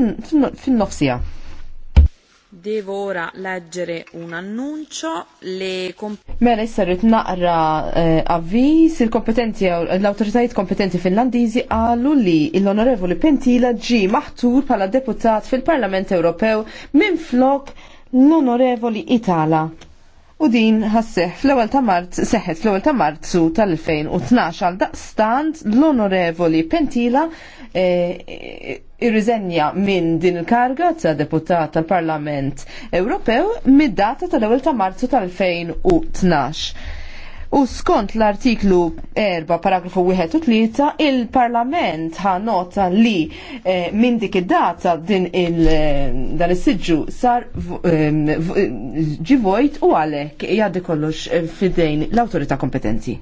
Mm, fin noqsija Devo ora leggere un annuncio. Le Mela issa rrit naqra eh, avviz il-kompetenti l-autoritajiet kompetenti finlandiżi għallu li l-onorevoli Pentila ġi maħtur pala deputat fil-Parlament Ewropew minn flok l-onorevoli Itala u din ħasseħ fl-ewwel ta' Marz, seħħet fl-ewwel ta' Marzu tal-2012 għal daqstant l-Onorevoli Pentila eh, eh, irriżenja minn din il-karga ta' deputat tal-Parlament Ewropew mid-data tal-ewwel ta' Marzu tal-2012. U skont l-artiklu 4 paragrafu 1 u il-Parlament ha nota li eh, minn dik id-data din il eh, dan is-siġġu sar ehm, ġivojt u għalhekk jgħaddi kollox eh, fidejn l-awtorità kompetenti.